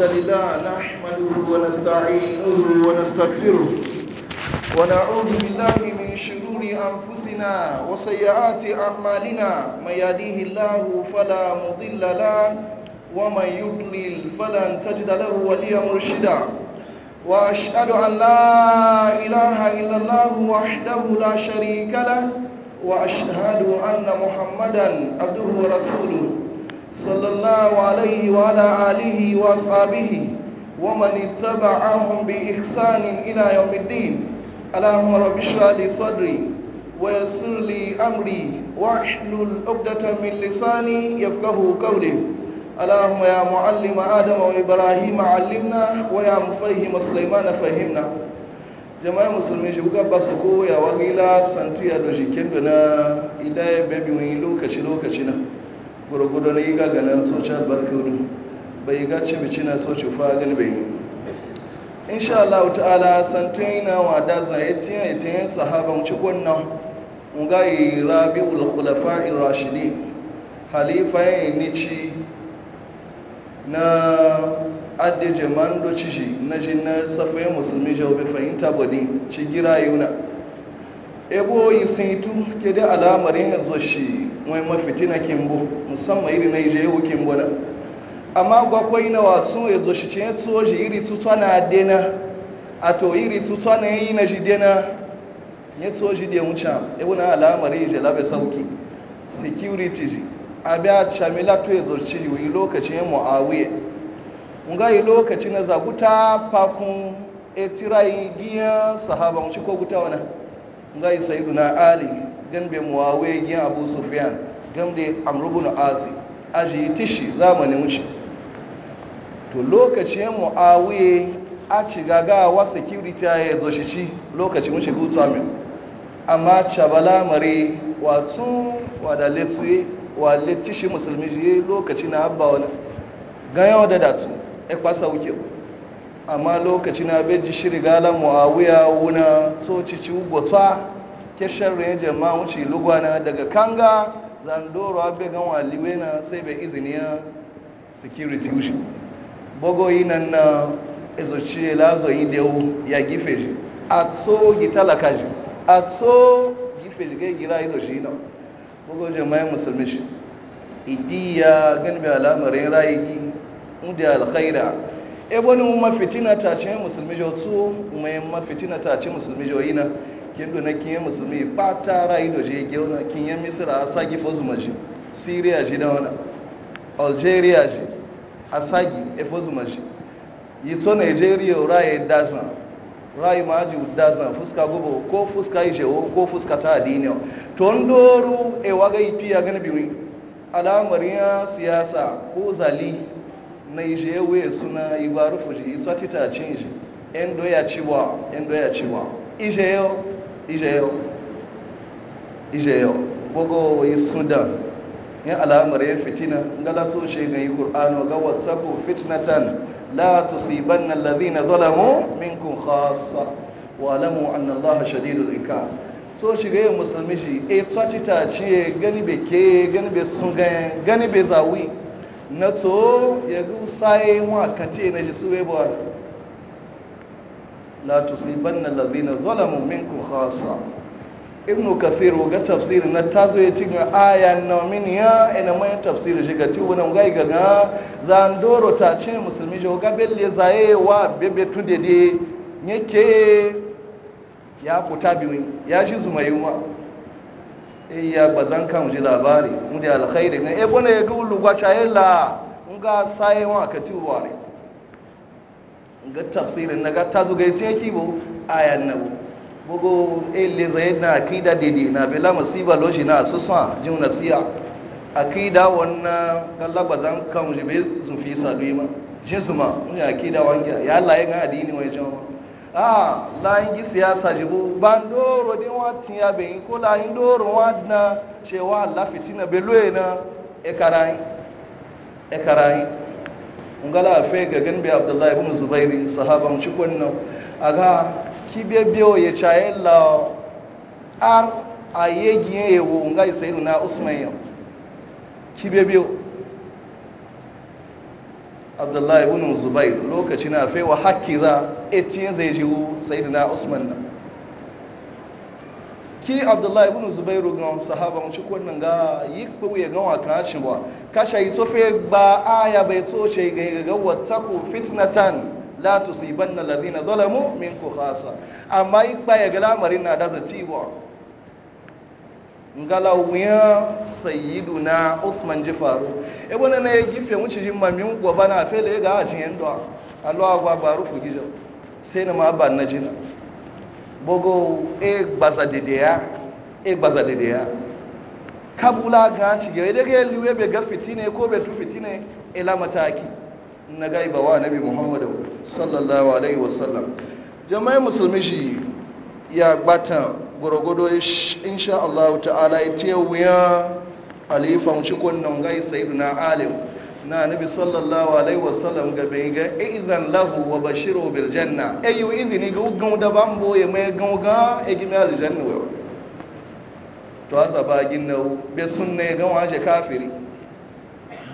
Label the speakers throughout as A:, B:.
A: الحمد لله نحمده ونستعينه ونستغفره ونعوذ بالله من شرور أنفسنا وسيئات أعمالنا من يهديه الله فلا مضل له ومن يضلل فلن تجد له وليا مرشدا وأشهد أن لا إله إلا الله وحده لا شريك له وأشهد أن محمدا عبده ورسوله صلى الله عليه وعلى آله وأصحابه ومن اتبعهم بإحسان إلى يوم الدين اللهم رب اشرح لي صدري ويسر لي أمري واحلل عقدة من لساني يفقه قولي اللهم يا معلم آدم وإبراهيم علمنا ويا مفهم سليمان فهمنا جماعة musulmi shi kuka ba su koya wa gila santiya da jikin da na كشلو كشنا gurgudu na iga ganin social barkudu bai ga cibici na tsoci fagil bai insha Allah ta'ala santu yana wa da zai tiyan itiyan sahaba mu cikon nan mu ga rabiul rashidi halifa ni ci na adde jama'an do ci shi na jinna safai musulmi jawbe fahimta bodi ci gira yuna ebo oyi sun yi ke da alamarin yanzu shi mai mafiti na kimbo musamman iri na ije yau kimbo na amma gwakwai na wasu yanzu shi cinye tso shi iri tutuwa na dena a to iri tutuwa na yi na shi dena ya tso shi da wuce ebe na alamarin ije labe sauki security ji abia shamila to yanzu shi yi lokacin ya Mun ga yi lokacin na zaguta fakun etirayi sahaba sahaban shi ko guta wani ngai sayyiduna ali gambe muawiya gi abu sufyan gambe amr ibn azi aji tishi zamanin wuce to lokacin muawiya a ci gaga wa security ya zo shi ci lokacin wuce gutsa mai amma wa mare wa da letuye wa letishi musulmi je lokacin na abba wani ganyawa da datu e kwasa wuke ku amma lokaci na beji shiri gala muawiya wuna so ci ci gwata ke sharrin jama'a wuce lugwana daga kanga zandoro abe gan waliwe na sai bai izini ya security wuce bagoyi nan na ezoci lazoyi da ya gife shi a tso gi talaka shi a tso gife shi gai gira ilo shi na bago jama'a musulmi shi idiya gan bi alamarin rayu gi inda alkhaira ebonu mafitina ta ce musulmi jo su mai mafitina ta ce musulmi jo na kendo na kinye musulmi ba ta rayu da je na kinye misira a sagi fozu maji syria ji da wani algeria ji a sagi e fozu maji yi to nigeria raye dazan rayu ji dazan fuska gobo ko fuska yi jewo ko fuska ta adini to ndoru e waga ipi ya gani biyu al'amarin siyasa ko zali na ije we suna igbaru fuji isa tita cinji en doya ciwa en doya ciwa ije yau? ije yo ije yo bogo yi sudan yin alamar ya fitina galato shi ga yi ƙur'anu ga wataku fitnatan la tusibanna allazina zalamu minkum khasa wa lamu anna allaha shadidul iqab so shiga yin musulmi shi e tsacita ce gani be ke gani be sun gani be zawi na to ya gusaye wa ce na ji suwe ba la tusibanna allazina zalamu minkum khassa ibn kafir ga tafsir na tazo ya ci ga aya na min ya ina mai tafsir shi ga ci wannan gai ga zan doro ta ce musulmi jo ga belle zaye wa bebe tude de yake ya kuta biyu ya shi zumayuwa iya bazan kan ji labari mu da alkhairi ne e bone ya gulu gwa chaela nga sai wa ka ci ruwa nga ga tafsirin naga ta zo ga yace ki bo ayan nabu bugo ele eh, zaidna akida de de na bela musiba shi na susa jin nasiya akida wannan kallon bazan kan ji be zufi salima jisuma mu akida wanga ya Allah ya ga adini wai jama'a a layin gi siyasa sajibu ba ndoro din watin ya yi, ko layin ndoro na cewa Allah fitina beloye na ekarayin ekarayin ngala fe ga ganbe Abdullahi ibn Zubairi sahaban A ga, ki kibe biyo ya caye la ar ya wo ngai na Usman yau kibe biyo Abdullahi ibn zubairi lokaci na fe wa hakki za etin zai jiwu sai na usman na ki abdullahi ibn zubairu ga sahaban ci kunnan ga yi kbuye ga wa shi ba ka shayi fe ba aya bai toce ga ga ku fitnatan la tusibanna alladhina zalamu minku khasa amma yi ba ya ga lamarin na da zati ba ngalawiya sayyiduna usman jifaru e bona na ya gife mu ci jin mamin gobana fele ga a cikin do Allah ba barufu gijo sai na ma ba na jin bogo e gbaza dede ya e ya kabula ga ci ga e daga yi liwe bai ga fitine ko bai tu fitine ila e mataki na gaiba wa nabi muhammadu sallallahu alaihi wasallam jama'i musulmi shi ya gbata gwargwado insha Allah ta'ala ya ce ya alifan cikon nan gai sayidu na alim na nabi sallallahu alaihi wasallam ga bai ga idan lahu wa bashiru bil janna ayu idini ga ugan da ban ya mai gauga e gimi al janna wa to asa ba ginna be sunne ga waje kafiri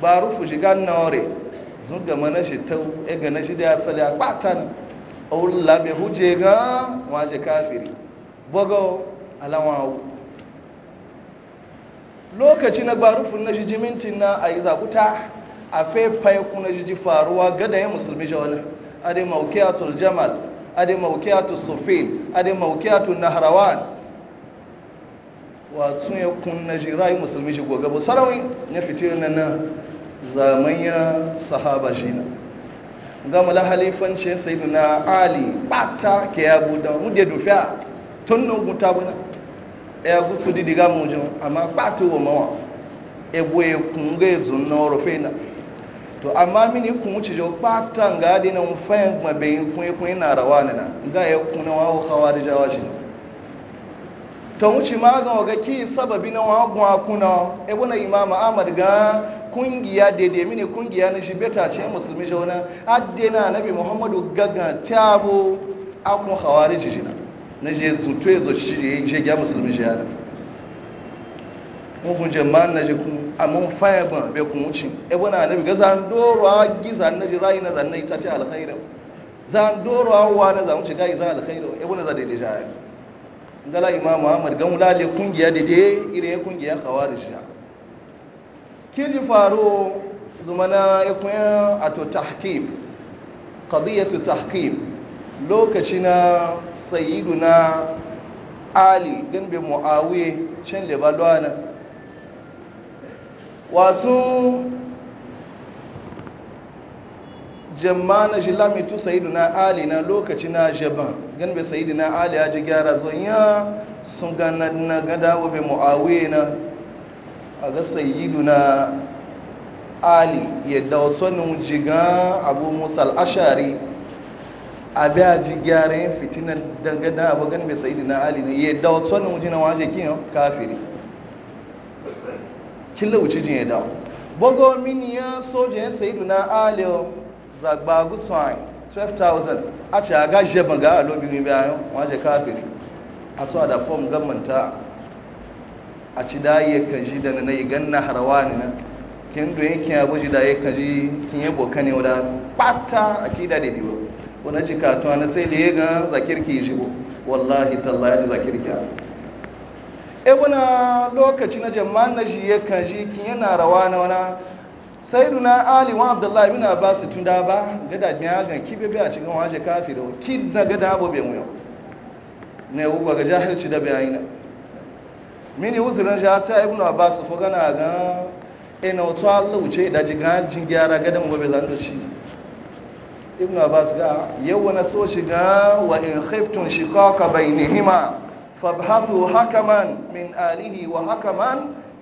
A: ba rufu shiga nore zun ga mana shi tau e ga na shi da asali a kwatan aula be huje ga waje kafiri bogo alawa lokaci na gbarufin na shi jimintin na a yi zakuta a faifai kuna jiji faruwa gada ya musulmi jawalin Adi maukiyatul jamal adi maukiyatul sufin adi maukiyatul naharawan wasu ya kuna ji rayu musulmi ji goga bu sarawin ya fito na na zamanya sahaba jina gama la sai na ali bata ke ya buda mude dufiya tun na guta bana ya gutsu didiga jin amma bata wa mawa ebu ya kunga ya zunna rufe na to amma mini kun wuce jo patan ga dina mun fayan kuma bayin kun yi kun yana rawana na ga ya kuna wawo kawa da to wuce ma ga ga ki sababi na akuna e bona imam ahmad ga kungiya daidai mini kungiya na shi beta ce musulmi jauna addina nabi muhammadu gaga tabo akun khawarij jina na je zuto ya e zo shi je ga musulmi jina mugun jama'an na jiku a mun faya ba bai kun wuce e na annabi za zan dorowa gi zan na ji rayi na zan na ita ce alkhaira zan dorowa wa na zan wuce ga zan alkhaira e wani za da dai jaya ngala imam muhammad gan wulale kungiya da dai ire kungiya khawarij ja kiji faro zumana e kunya ato tahkim qadiyatu tahkim lokacina sayyiduna ali gan be muawiya can lebalwana wato jamma na jilamitu sayiduna ali na lokaci na jaban gan bai sayiduna ali ya ji gyara ya sun gana na gada wa bai na a ga sayiduna ali yadda wasu nun jiga abu musa al'ashari a biya ji gyara yin fitinan dangada abu gan bai sayiduna ali ne yadda wasu nun jina waje kiyan kafiri kila wuce jin yadda bogo min ya soja ya sayi na aliyo zagba gutsuwan 12,000 a ce a ga jeba ga alobi ne bayan waje kafiri a tsawa da fom gamanta a ci da ya kaji da na ganna harawa ne na kin doyin kin abu ji da ya kaji kin yi boka ne wadda pata a kida da ba. wani jikatuwa na sai da ya ga zakirki shi wallahi tallahi zakirki a ebuna eh, lokaci na jama'an na shi yakan shi kin yana rawa na wana sai duna ali wa abdullahi bin abbas tun da ba gada biya ga kibe biya cikin waje kafiro kid da da abu bai yau ne uba ga jahilci da bayina mini uzurin ja ta ibnu abbas fo gana ga ina eh, to Allah wuce da jin gyara da mu bai da shi ibnu abbas ga yau na so shiga wa in khiftun shiqaqa bainihima فابحثوا حكما من آله وحكما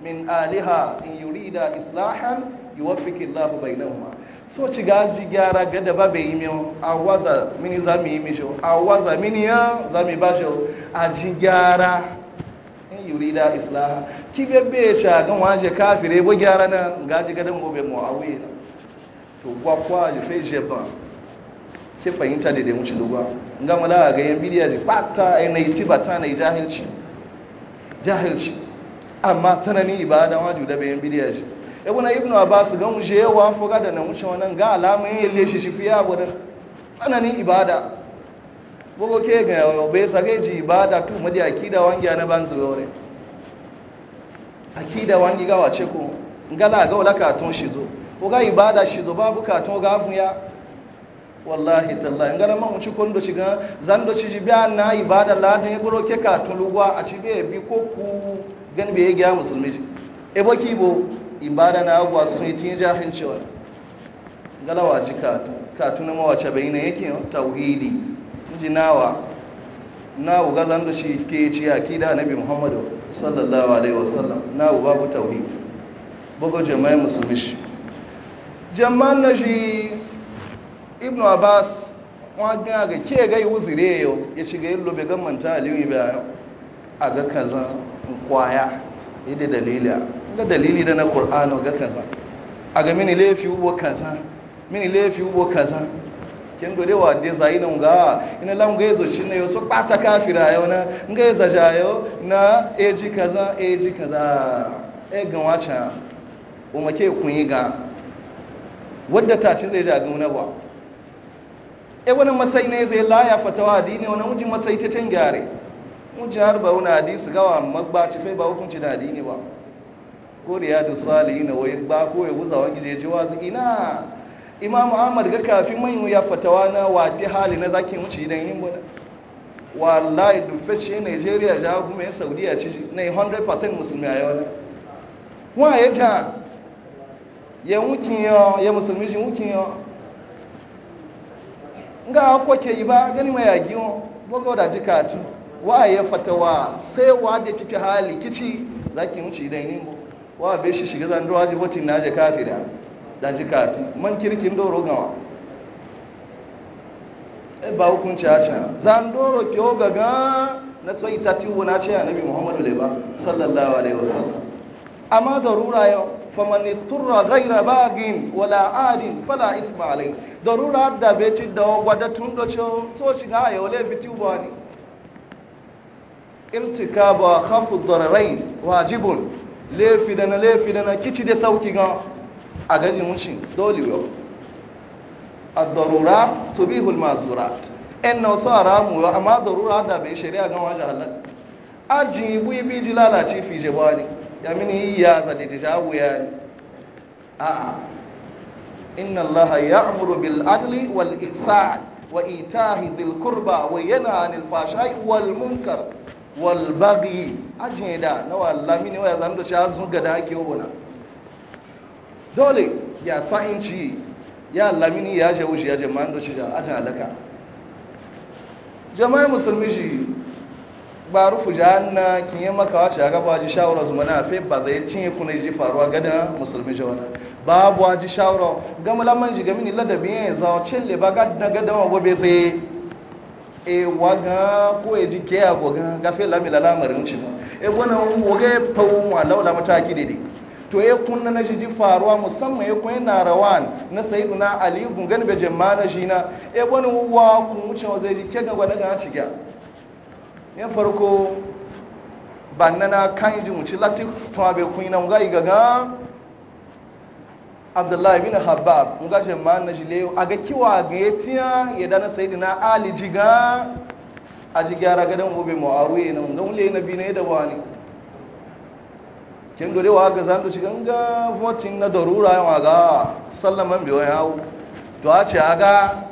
A: min aliha in yurida islahan yuwaffiki Allah ma. so ci gaji gyara gada ba bai yi min a waza mini za mu yi mi shi a waza mini ya za mu ba shi a ji gyara in da islaha ki bebe shi a gan waje kafire bo gyara na gaji gadan gobe muawiya to gwakwa je fe jeban ke fahimta da wuce lugwa ga mala ga yan bidiya ji bata ai nayi tibata nayi jahilci jahilci amma tsanani ibada waju da bayan bidiya ji e wani ibn abbas ga mu je yawa fuga da na wuce wannan ga alama yin yalle shi fi ya bodan tsanani ibada bugo ke ga bai sage ji ibada tu madi akida wangi na ban zuwa ne akida wangi ga wace ko ngala ga wala ka ton shi zo ko ga ibada shi zo babu ka ton ga ya wallahi talla ngara ma man kondo shiga zando shi ci biya na ibada la da ya buro ke ka tulugwa a ci be bi ko ku gan be ya musulmi ji e boki bo ibada na agwa sun tin jahin ngala wa ji ka ka tuna wace bayina yake tauhidi inji nawa na uga zando shi ke ci akida nabi muhammadu sallallahu alaihi wasallam na babu tauhidi bogo jama'a musulmi shi jama'an na shi Ibnu abbas wọn biya kí ẹgbẹ́ gai zìrí yau ya shiga yin lobe gan manta aliyu bayan a ga kaza kwaya yadda dalili ga dalili da na ƙur'anu ga kaza a ga mini laifi ubo kaza mini laifi ubo kaza kin gode wa de zai nan ga ina lam ga yazo shin ne so bata kafira yau na ga yaza jayo na eji kaza eji kaza e ga wacha o make kun yi ga wadda ta ci zai ja ga na ba e wani matsayi ne zai laya fatawa adini wani mujin matsayi ta can gyare mujin har ba wani su gawa magbaci fai ba hukunci da adini ba ko da salihi na wai ba ko ya wuza wani je ji wazi ina imam ahmad ga kafin manyan ya fatawa na wati hali na zakin wuce idan yin bada wallahi dufe nigeria ja kuma ya saudiya ci na 100% musulmi a yau wa ya ja ya wukin ya musulmi shi wukin yau nga ko ke yi ba gani mai yagi mo bogo da jika tu wa ya fatawa sai wa da kike hali kici zaki mu ci ni nimbo wa be shi shiga zan ruwa ji na je kafira da jika tu man kirkin doro gawa e ba hukunci a can zan doro ki o gaga na tsoyi tatiwo na ce annabi muhammadu leba sallallahu alaihi wasallam amma darura yau faman turra gaira bagin wala adin fala ithma alai Da rura da bai ci da gwada tun do ci so shi ga ya wala biti ubani irtikaba khafu dararain wajibun lefi da na lefi da na kici da sauki ga a gaji mushi dole yo ad to bi al-mazurat en na to aramu amma darura da be shari'a ga wajen halal ajin ibu ibi ji lalace fi jabani yamini ya zade ta shawo ya ne a'a inna Allah ya amuru bil adli wal ihsan wa itahi bil qurba wa yanha 'anil fashai wal munkar wal baghi ajeda na wallahi mini waya zan da a zuga da ake wona dole ya ta inci ya lamini ya shawushi ya jama'an da shiga a halaka jama'a musulmi shi ba rufu jahanna kin yi maka wace a gaba waje shawara zuma na fe ba zai cinye kuna ji faruwa gada musulmi ba babu waje shawara gama laman ji gami ni ladabi yanzu a cille ba gada gada wa gobe sai e waga ko e ji ke ko ga gafe lami la lamarin ci e gona waga mu e ma laula mataki dede to ya e kunna na ji faruwa musamman ya e kunna na rawan na sayyiduna ali gungan be jama'a na jina e gona wa kun wuce wa zai ji ke ga gwana ga ci ga Yan farko ba na kan ji muci latif tuwa bai kun yi na muga igaga abdullahi bin habab muga jama'a na jile a ga kiwa ga ya tiya ya dana sayidina ali jiga a ji gyara gadon ma ma'aru ya na muga wule na bi na yadda ne kin dole wa ga zan duci ganga votin na darura yawa ga sallaman biyo hau. to a ce a ga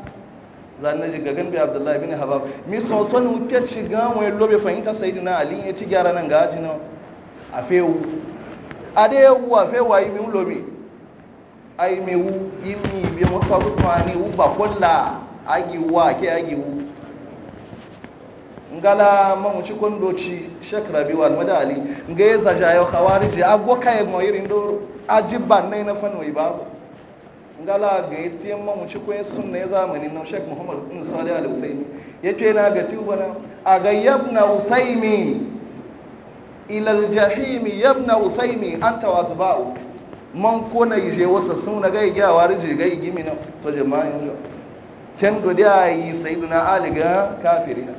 A: zan na jiga gan bi abdullahi bin habab mi so so shiga wai lobe fahimta sayyidina ali ya ci gyara nan ga nan a fewu ade wu a fewa yi mi lobe ai mi wu imi bi mo so rufa ni wu ba kolla agi wa ke agi wu ngala mamuci kondoci shek rabi wal madali ngaye zajayo khawariji agwo kai mo irin do ajiban nay na fanwai babu ngala ga yatiyan mamuci ko yin sunna ya zamanin nan Sheikh Muhammad bin Salih Al Uthaymeen yace na ga tubana a ga yabna Uthaymeen ila al jahim yabna Uthaymeen anta wa atba'u man ko na je wasa suna ga gyawa rije ga gimi na to jama'in jo ken do da yi sayyiduna Ali ga kafirina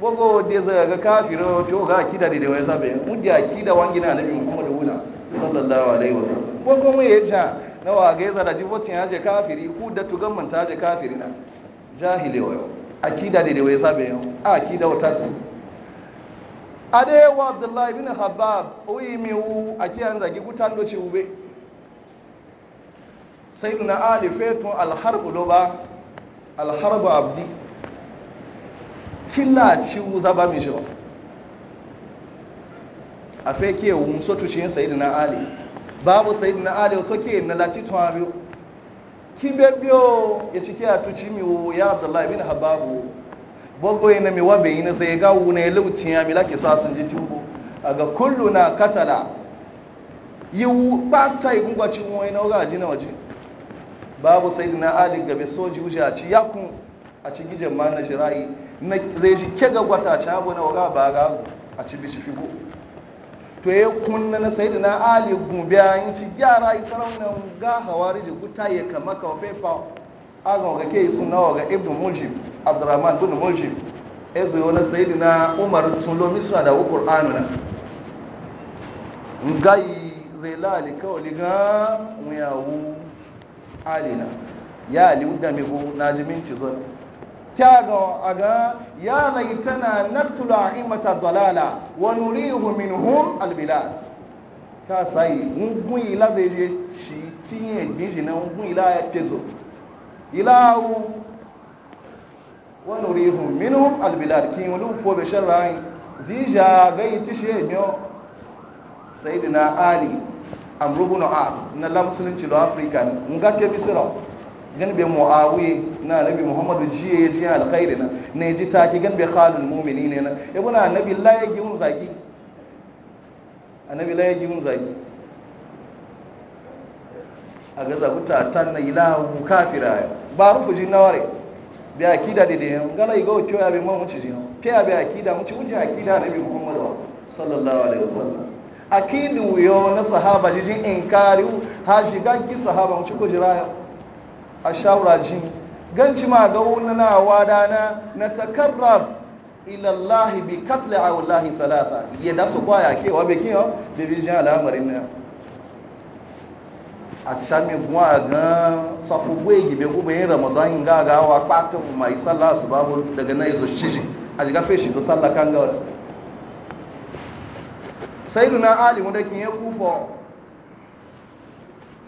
A: bogo de za ga kafiro to ga kida da wai zabe mu da kida wangina annabi Muhammad wuna sallallahu alaihi wasallam bogo mu ja na wagai zara jibotin ya je kafiri ku da tugan manta je kafiri na jahili wa akida da da wai sabe yau akida wata su adewa abdullahi ibn habab oyi miwu akiyan zagi gutan doci ube sai na ali fetun alharbu loba alharbu abdi filla ci zaba mi shi a fake wun sotu shi yin sayi na ali babu sai na ali o soke na lati tun ki kimbe biyo ya cike a tuci mi ya abdullahi bin hababu bogo ina mi wabe na, sai ga wu ya lauci ya mi lake sa sun ji A ga kullu na katala yi wu ta yi gungwaci wo ina ga ji na waje babu sai na ali gabe soji wuce a ci yakun a ci gijen ma na jira'i zai shi ke ga gwata ci abu na waga ba ga a ci bishi figo to ya kunna na sai na ali gubiya in ci gyara yi saraunan ga hawari da guta ya kama ka fefa azon ga ke suna wa Ibn ibnu abdurrahman bin ya zai na sai na umar tun lo misra da qur'anu na ngai zai lali kawai ga muyawu alina ya ali wanda na ji minti zo a ga ya laitana naktula imata dalala wa nurihu minhum albilad ka sai ngun ila beje ci tinye dinji na ngun ila ya pezo ilawu wa nurihu minhum albilad kin lu fo be sharrai zija gai tishe nyo sayyidina ali amru ibn as na la musulunci Afirka, nga ngake misra ganbe muawiya na annabi muhammadu jiye ya jiye alkhairi na ne ji taki ganbe khalun mu'mini ne na ibn annabi la ya gimun zaki annabi la ya gimun zaki a ga zakuta tan na ilahu kafira ba rufu jin naware bi akida de de ngala igo kyo abi mu mu ci jin ke abi akida mu ci mu ci akida annabi muhammadu sallallahu alaihi wasallam akidu yo na sahaba jin inkari ha shiga ki sahaba mu ci ko jirayo a shawara shi ganci ma ga na wada na na takarrab ilallahi bi katle a wallahi talata iya da su kwaya kewa bai kiyo da bi jin al'amarin na a shami kuma ga safu gwe gibe gube yin ramadan ga ga wa kwata mai sallah su babu daga na izo shi a jiga fe shi to sallah kan gawar sayyiduna ali wanda kin ya kufa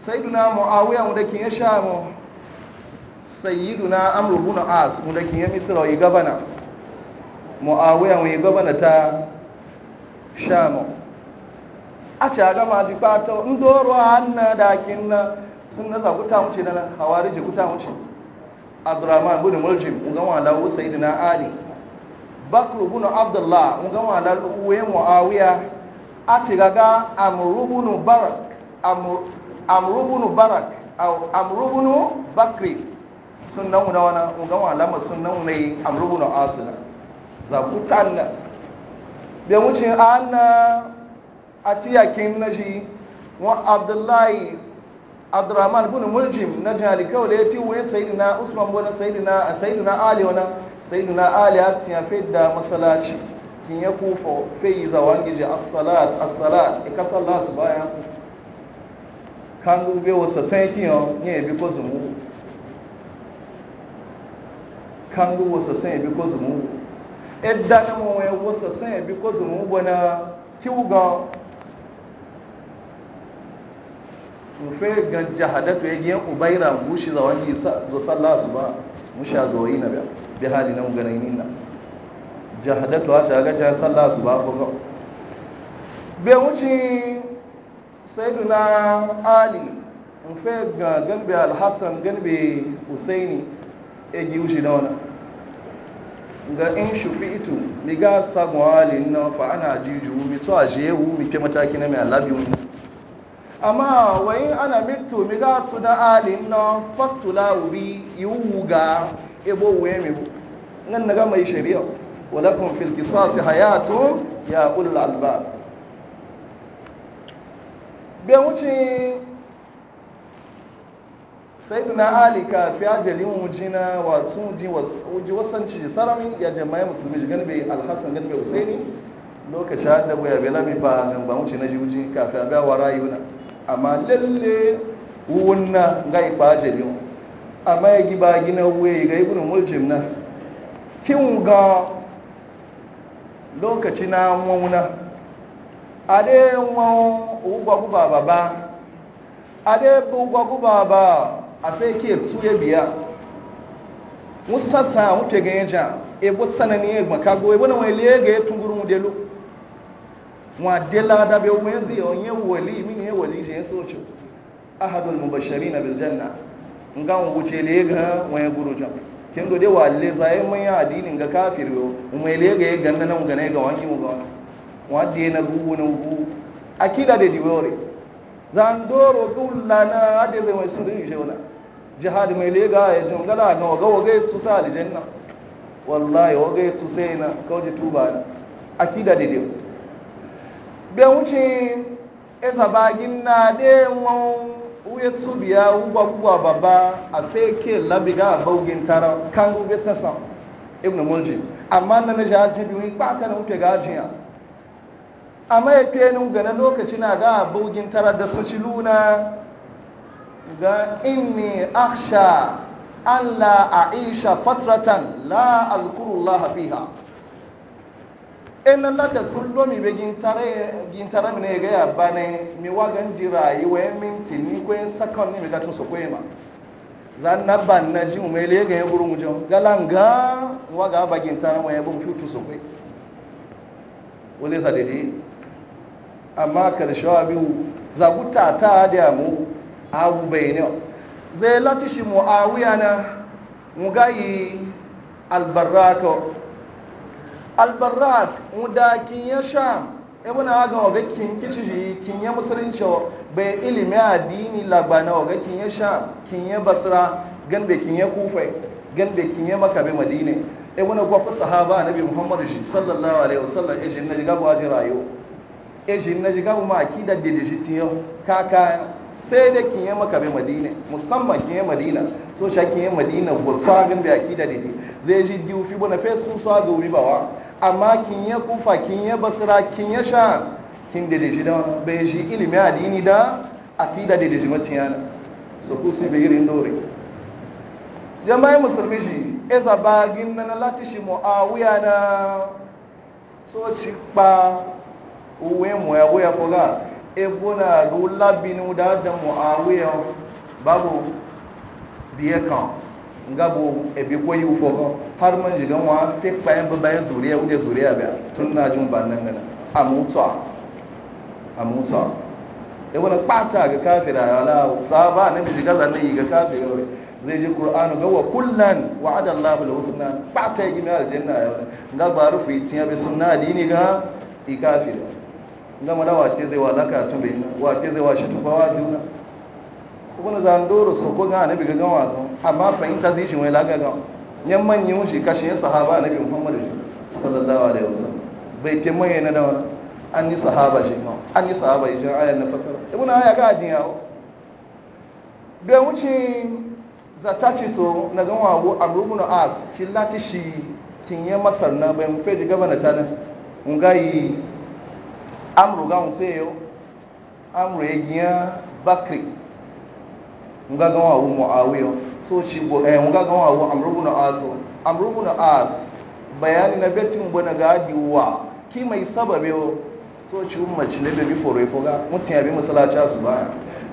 A: sayyiduna muawiya wanda kin sha shamu sayyiduna amru bin as mun dake yi misra wa gabana muawiya wa gabana ta sham a ce a ma ji pato ndoro da ake na sun na kuta wuce na hawarije kuta wuce abdurrahman bin muljim mun ga wala wa sayyidina ali bakr bin abdullah mun ga wala uwe muawiya a ce gaga amru bin barak amru bin barak au amru bin bakri sunna una wana uga wala ma sunna una yi amrubu na asila zabutan na be wucin anna atiya kin wa abdullahi abdurrahman bin muljim na jali kawai ya ce wa sayyidina usman bin ali wana sayyidina ali masallaci kin ya kufa fayi za as-salat as-salat e ka sallah su bayan kan gube wasa sai kin ya bi ko zumu kangu wasa sanya bi ko zumu edda na mo wasa sanya bi ko zumu bana kiuga mu fe ga jahadatu ya giyan ubaira gushi za wani zo sallah su ba musha zo yi na bi hali na mu ganai ninna jahadatu a ta ga ja sallah su ba ko ga be wuci sayyiduna ali mu fe ga gan bi al usaini husaini egi wuce na ga in ito mi ga sagun halin fa ana jiju mi to a ewu mi ke mataki na mai alabi wani amma wayin ana mitu mi ga to na halin na fatula wubi iwu ga ebo mi nan na ga mai shari'a walakun fil kisasi hayatu ya ulul albab bai wuce sai na ali ka fi ajalin wujina wasu ji wasanci sarami ya jama'a musulmi ji gani alhassan gani bai husaini lokaci da bai bela mi ba nan ba ce na jiwuji kafin a wa rayuna amma lalle wunna ga ifa mu. amma ya giba gina wuye ga ibn muljim na kin ga lokaci na wauna a dai wani ugwa kuba baba a bu ugwa kuba baba a fake ya biya musassa mutu ga yaja e botsana ne kago e, e na wele ga tunguru mu delu wa dela da yanzu ya onye wali mini e wali je tsocho ahadul mubashirin bil janna nga ce le ga wani jam kin do de wale zai e mun ya addinin ga kafir yo mu le ga ganna nan ga ne ga wani mu ga wa de na gugu na gugu akida de diwore zandoro kullana ade zai wai su yi yuje wala jihadi mai lega ya jin gala na waga waga su sa aljanna wallahi waga su sai na kawai tuba na akida dede be wuce esa bagin na de mo uye su biya uba kuwa babba a feke labiga a baugin tara kan ube sassa ibn mulji amma na na jaji biyu kwata na uke gajiya A ya fiye nun gana lokaci na ga baugin tara da su ci luna ga inni aksha an la aisha fatratan la alkurullah fiha ina lada sun lomi be gintara mi ne ga ya bane mi wagan jira yi wa minti ni ko yin sakon ni mi ga tusu ko ma Za na ban na ji mu le ga ya buru mu jon galanga waga ba gintara wa ya bu fitu su ko wale sa dede amma karshe wa biyu zaguta ta da mu abu bayanin zai mu mu'awiya na mugayi albarrato albarrat mudakin ya sham e ibn aga waga kin kici kin kinye musulunci bai ilimi adini labana waga kin ya sham kin basra gan bai kinye kufa gan bai kin ya makabe madina ibn e gwafa sahaba nabi muhammad shi sallallahu alaihi wasallam ejin na jigabu ajin e ejin na jigabu ma akidar da shi tiyo kaka sai da kin maka bai madina musamman kin yi madina so sha kin yi madina ko tsagin da akida dide zai ji diu fi bona fe su so ga riba bawa amma kin yi kufa kin yi basra kin yi sha kin da shi da bai ji ilimi adini da akida da shi matiyana so ku su bai irin dore jama'i musulmi shi esa gin nan lati shi muawiya na so ci pa uwe muawiya ko ga ebona lula binu da da muawiya babu biye kan nga bo ebi ko yi ufo kan har man jigan wa fe kpayen ba bayan zuriya uje zuriya ba tun na jin ban nan gana amutsa amutsa e wala kpata ga kafira ala sahaba ne mi jiga zan yi ga kafira zai ji qur'anu ga wa kullan wa'ada allah bil husna kpata yi mi aljanna ga ba rufi tin ya bi sunna dini ga ikafira gama da wace zai wa laka tube wace zai wa shi tufawa ziuna kuma za zan doro so ko ga annabi ga gawa amma fahimta zai shi wai laga ga yan manyan shi kashe ya sahaba annabi Muhammad shi sallallahu alaihi wasallam bai ke mai na dawa an yi sahaba shi ma an yi sahaba shi ayan na fasara ibn aya ga ajin yawo bai wuce zata ce to na gan wago amrubun as cillati shi kin ya masar na bai mu feji gabana ta nan mun ga yi amru ga fe yo amru e giya bakri nga ga wa muawiya so shi bo eh nga ga wa amru ibn as amru ibn as bayani na betin bona ga wa, ki mai sababe so shi umma ci ne bi foro ko e ga mutun ya bi masallaci su baya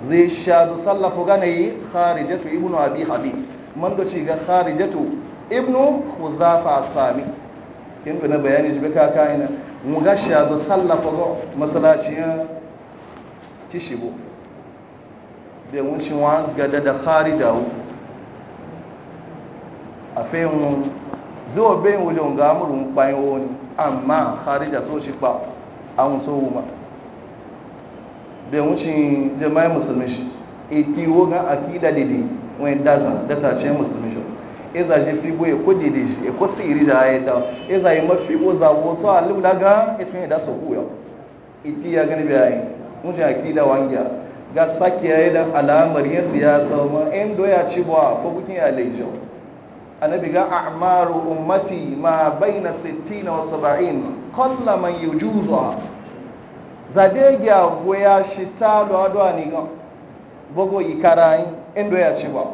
A: zai sha zo sallafa na yi kharijatu ibnu abi habib man do ci ga kharijatu ibnu Kuzafa sami kin na bayani jibe kaka ina mu ga shi zo sallafa ga masalaciyar tishibo bai wuncin wa gada da wu a mu, zuwa bayan wajen ga pa yo ni amma kharija so shi ba wu wunso wuma bai wuncin jama'i musulmi shi wo ga akida dide wani dazan data tashe musulmi shi eza je fibo ya kudi da shi ya e si iri da ya da eza yi mafi ko zabo to alu daga ga e ifin da so kuya iki ya gani ayi mun ki da wangiya ga saki ya da alamar ya siyasa ma in doya ci ba ko bukin ya lejo annabi ga a'maru ummati ma baina 60 wa 70 qalla man de ga goya shi ta do ani ga bogo ikarayin in doya ci ba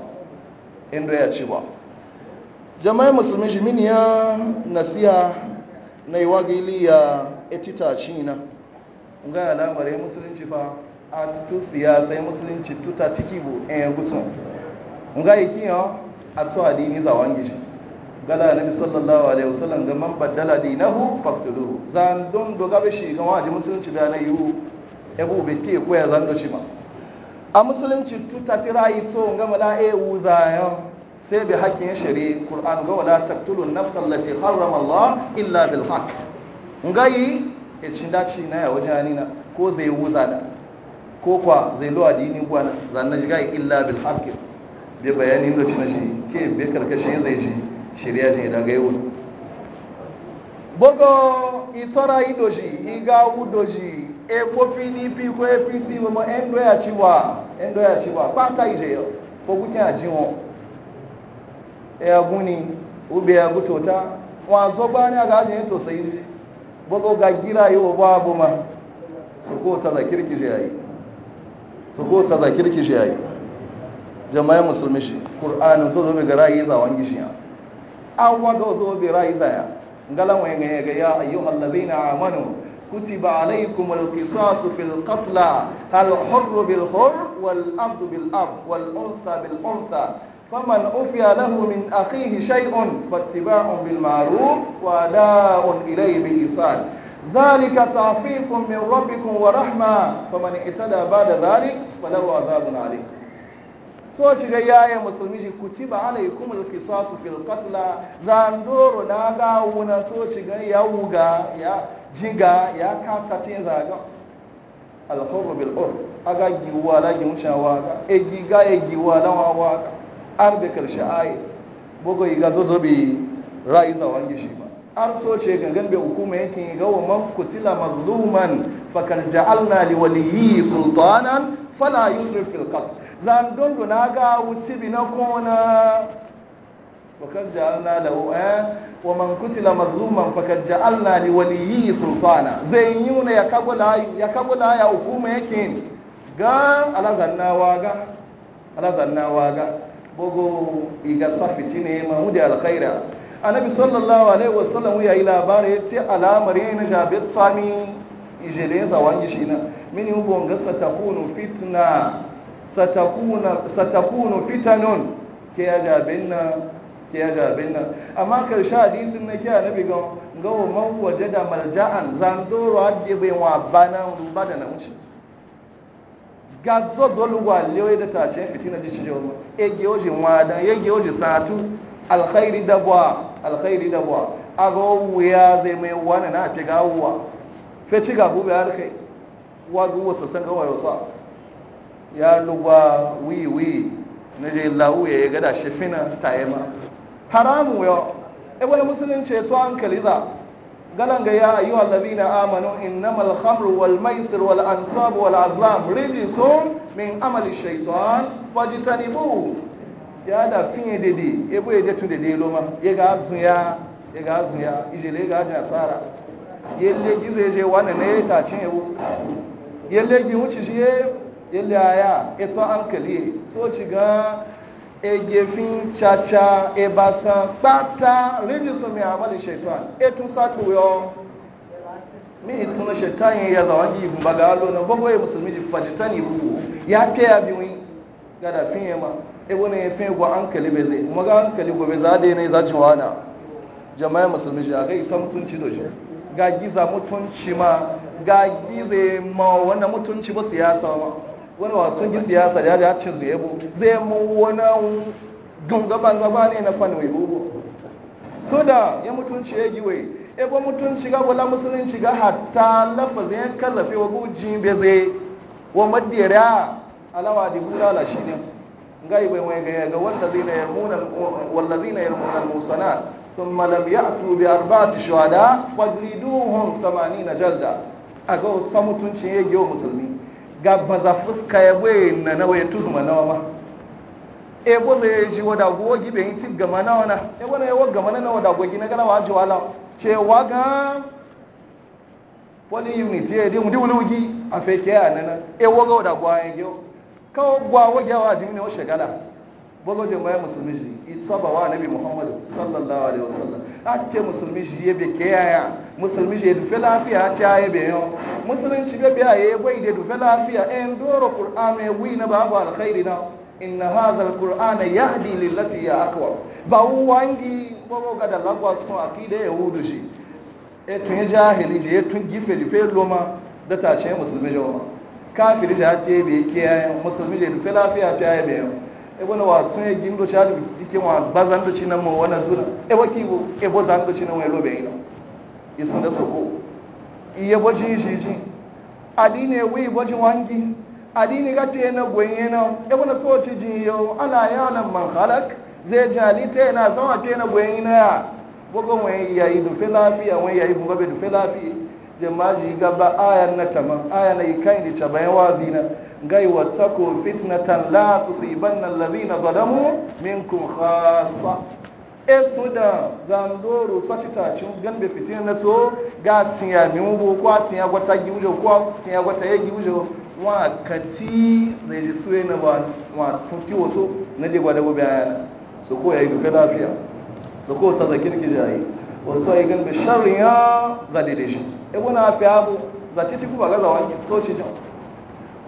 A: in doya ci ba jama'ai musulmi shi min ya nasiya na yi wagili ya etita shi na ga alamar ya musulunci fa a tu siyasa ya musulunci tuta ciki bu en eh, gutsun ga yi kiyo a tso dini za wangi shi gala nabi sallallahu alaihi wasallam ga man baddala dinahu faqtuluhu zan don doga gabe shi ga waje musulunci bayan yiwu? ebu bai ke ko ya zan do shi ma a musulunci tuta tirayi to ga mala e wuza yau sai bi haƙƙin shari'a Qur'an ga wala taqtulun nafsan lati harrama Allah illa bil haqq ngai e eh, cin daci na ya wajen anina ko zai wuza da ko kwa zai lo adini gwana zan ji ga illa bil haqq bi bayanin da cin shi ke be karkashin zai shi shari'a ne da gaiwo bogo itora idoji iga udoji e ko PDP ko APC mo endo ya chiwa endo ya chiwa pata ije yo ko kuke ajiwon ya guni ube ya gutota wazo ba ne ga ajin to sai bogo ga gira yi wa babu ma su ko ta za kirki shi yayi su ko ta za yayi jama'a musulmi shi qur'ani to zo be ga rayi za wangi shi ya awwa do zo be rayi za ya ngalan wa ga ga ya ayyuhal ladina amanu kutiba alaykumul qisasu fil qatla al hurr bil hurr wal abd bil abd wal unsa bil unsa faman ufiya lahu min akhihi shay'un fattiba'un bil ma'ruf wa da'un ilayhi bi ihsan dhalika ta'fifun min rabbikum wa rahma faman itada ba'da dhalik falahu adhabun alim so ciga yaye musulmi ji kutiba alaikum alqisasu fil qatl zandoro na ga wuna so ciga ya wuga ya jiga ya kata tin ga. al hurr bil ur aga giwa la giwa egiga egiwa la arbe karshe ayi ga iga zozo bi ra'i zawan gishi ba an ce ga ganbe hukuma yake ga wa man kutila mazluman fakar ja'alna li waliyyi sultanan fala yusrif fil qatl zan dondo na ga wuti bi na kona fakar ja'alna lahu eh wa man kutila mazluman fakar ja'alna li waliyyi sultana zai yuna ya kabula ya kagula ya hukuma yake ga alazannawa ga alazannawa ga bogo iga safiti ne mamu da alkhaira annabi sallallahu alaihi wasallam ya yi labarai ya ce alamar yana jabir sami ijele zawangi shi na mini hubon ga satakunu fitna satakunu fitanun ke ya jabin na ke ya jabin na amma karshe hadisin na ke annabi ga gawo man waje da malja'an zan doro hadde bai wa bana ba da na wuce ga zozo lugwa lewe da ta ce fiti ji shige mu ege oje wada yege oje satu alkhairi dabwa alkhairi dabwa owu ya zai mai wani na fi gawuwa fe ci gabu bai har kai wa duwa sassan gawa yau sa ya lugwa wiwi. na je lawu ya ga da yi ma. haramu yo e wani musulunci ya to an kaliza? ga ya ayyuha allazina amanu innamal khamru wal maisir wal ansab wal azlam rijsun min amali shaytan fajtanibu ya da finye dede ebo ye detu dede ma ye ga azun ya ye ga azun ya ijele ga ja sara yelle gize je wana ne ta cin ewu yelle gi wuci ye le aya an ankali so chi ga egefin chacha ebasan pátá rídísùn mi àmàlì ṣètàn ètún sákòóyọ mi ìtúnu ya yìí yẹ zàwọn yìí ìbùn bàgà lónà gbogbo èyí mùsùlùmí ti fàjìtàn ìbúwò ya pé abiwin gada fin yẹn ma ewu ne fin gwa an kali bai zai kuma ga an gobe za da yanayi za jiwa na jama'a musulmi shi a ga isa mutunci da shi ga giza mutunci ma ga gize ma wannan mutunci ba siyasa ma wani wasu gi siyasa ya ja cin zuye bu zai mu wani gungaban ne na yi bubu so da ya mutunci ya giwe ya ba mutunci ga wala musulunci ga hatta lafazin ya kallafe wa gujin bai zai wa madira alawa di la shi ne yi bai wai ga musana sun malam ya yarmuna bi arba ti لم يأتوا بأربعة شهداء فاجلدوهم ثمانين جلدة أقول سمتون ya جو Musulmi. ga baza fuska ya bai na nawa ya tuzu ma nawa ma e boza ya ji wada gogi bai ci gama nawa na e ya wa gama na wada gogi na gana wa ji wala cewa ga wani unit ya yi wuli wuli a fake ya nana e waga wada gwa ya gyo kawo gwa wage wa ji ne wa shagala bogo je mai musulmi ji ba wa nabi muhammadu sallallahu alaihi wasallam a ce musulmi ji ya bai ke musulmi ji ya fi lafiya ake ya bai yau musulunci be biya ya bai da dufe lafiya en doro ƙuran mai e wi na babu alkhairi na inna hadha alqur'ana yahdi lillati ya aqwa ba wangi bogo ga da lagwa sun ya wudu shi e tun jahili je e tun gife gife loma da ta ce musulmi jawa kafiri da ya be kiyaye musulmi je dufe lafiya ta ya bayan e wani wa sun ya e gindo cha jikin wa bazan da nan mu wani suna e waki bo e bo zan da cinan wai lobe ina isu da ko iya bacin shi adi ne wi bacin wangi adini ga te yana gwenye na ya wani tsoci jin yau ana yawon nan man halak zai jali ta yana sama te na gwenye na ya bugun wani yayi dufe lafiya wani yayi buga bai dufe lafiya jamaji gaba ayan na taman ayan na ikai ni tabayan wazi na gai wata ko fitnatan la lalina balamu min minkum khassa esu da zandoro tsaci tacin gan da fitin na so ga tiya mi mubo ko tiya gwata wujo ko tiya gwata ya wujo wa kati zai ji suwe na ba wa tuti wato na dai gwada gobe ayana so ko ya yi dufe lafiya so ko ta zakir ki jayi wasu ya gan da sharrin ya zadide shi e wani afi abu za titi ku ba ga zawangi to ci jan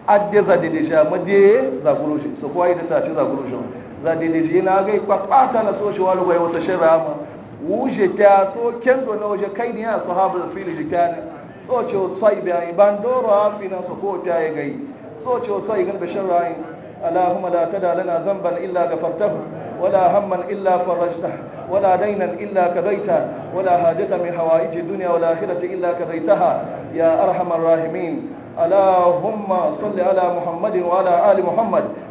A: adde zadide shi amma dai zaguro shi so ko yi da za zaguro shi za a daidaiji yana gai kwakwata na tsoshi wani bai wasa shi rama wuce kya tsokin dole wuce kai ne ya su haɓu da fili jika ne tsoce wa tsoyi bayan ban doro hafi na su ko ta yi gai tsoce wa tsoyi ganin bashin rayin allahumma la ta da lana zamban illa ga fartahu wala hamman illa farajta wala dainan illa ka gaita wala hajjata mai hawa hawaiji duniya wala akhirati illa ka gaitaha ya arhamar rahimin allahumma salli ala muhammadin wa ala ali muhammad